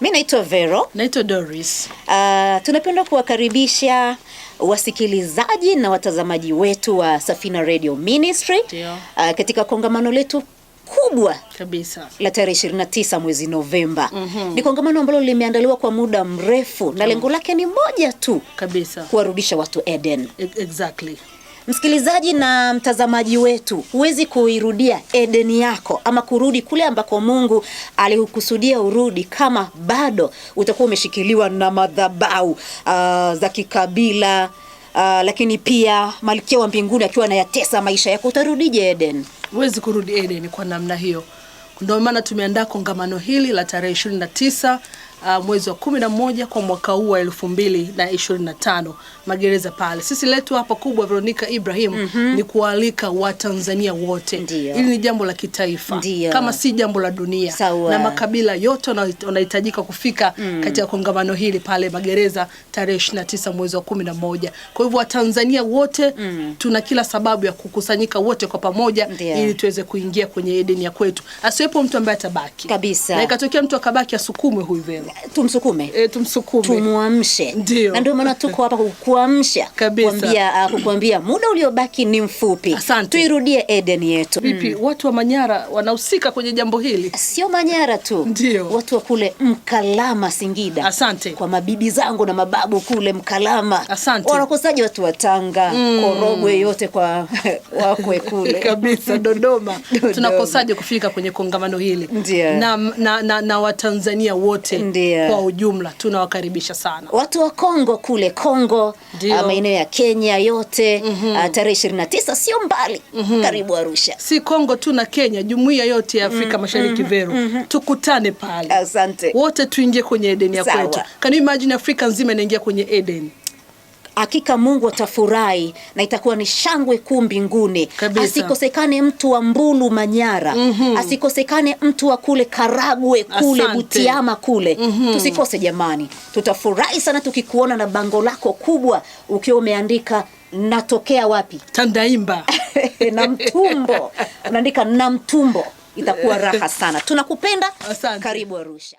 Mi naitwa Vero. Naitwa Doris. Uh, tunapenda kuwakaribisha wasikilizaji na watazamaji wetu wa Safina Radio Ministry uh, katika kongamano letu kubwa kabisa la tarehe 29 mwezi Novemba. mm -hmm. Ni kongamano ambalo limeandaliwa kwa muda mrefu na lengo lake ni moja tu kabisa, kuwarudisha watu Eden. E-, exactly. Msikilizaji na mtazamaji wetu, huwezi kuirudia Edeni yako ama kurudi kule ambako Mungu alikusudia urudi kama bado utakuwa umeshikiliwa na madhabahu uh, za kikabila uh, lakini pia malkia wa mbinguni akiwa anayatesa maisha yako, utarudije Eden? Huwezi kurudi Eden kwa namna hiyo. Ndio maana tumeandaa kongamano hili la tarehe ishirini na tisa uh, mwezi wa moja kwa mwaka huu wa tano magereza pale. Sisi letu hapa kubwa Veronica Ibrahim mm -hmm. ni kualika Watanzania wote. Hili ni jambo la kitaifa Ndiyo. kama si jambo la dunia Sawa. na makabila yote wanahitajika kufika mm. katika kongamano hili pale magereza tarehe tisa mwezi wa moja. Kwa hivyo Watanzania wote mm. tuna kila sababu ya kukusanyika wote kwa pamoja Ndiyo. ili tuweze kuingia kwenye Edeni ya kwetu, asiwepo mtu ambaye atabaki kabisa, na ikatokea mtu akabaki asukumwe huyu vema tumsukume e, tumsukume tumwamshe, na ndio maana tuko hapa kukuamsha, kukuambia kukuambia muda uliobaki ni mfupi. Asante. Tuirudie Eden yetu. Vipi, mm. watu wa Manyara wanahusika kwenye jambo hili? Sio Manyara tu, ndio watu wa kule Mkalama, Singida. Asante kwa mabibi zangu na mababu kule Mkalama. Asante wanakosaje watu wa Tanga, mm. Korogwe yote kwa wakwe kule kabisa Dodoma, Dodoma. Tunakosaje kufika kwenye kongamano hili na, na, na, na Watanzania wote Ndiyo. Ndio. Kwa ujumla tunawakaribisha sana watu wa Kongo kule Kongo, ah, maeneo ya Kenya yote mm -hmm. tarehe 29 sio mbali mm -hmm. karibu Arusha, si Kongo tu na Kenya, jumuiya yote ya mhm, Afrika mm -hmm. Mashariki vero mhm, Veru mm -hmm. tukutane pale. Asante wote tuingie kwenye Eden ya kwetu. Can you imagine Afrika nzima inaingia kwenye eden hakika Mungu atafurahi na itakuwa ni shangwe kuu mbinguni. Asikosekane mtu wa Mbulu Manyara, mm -hmm. asikosekane mtu wa kule Karagwe kule Asante. Butiama kule mm -hmm. tusikose jamani, tutafurahi sana tukikuona na bango lako kubwa ukiwa umeandika natokea wapi, Tandaimba mtumbo unaandika mtumbo Itakuwa raha sana, tunakupenda. Asante. Karibu Arusha.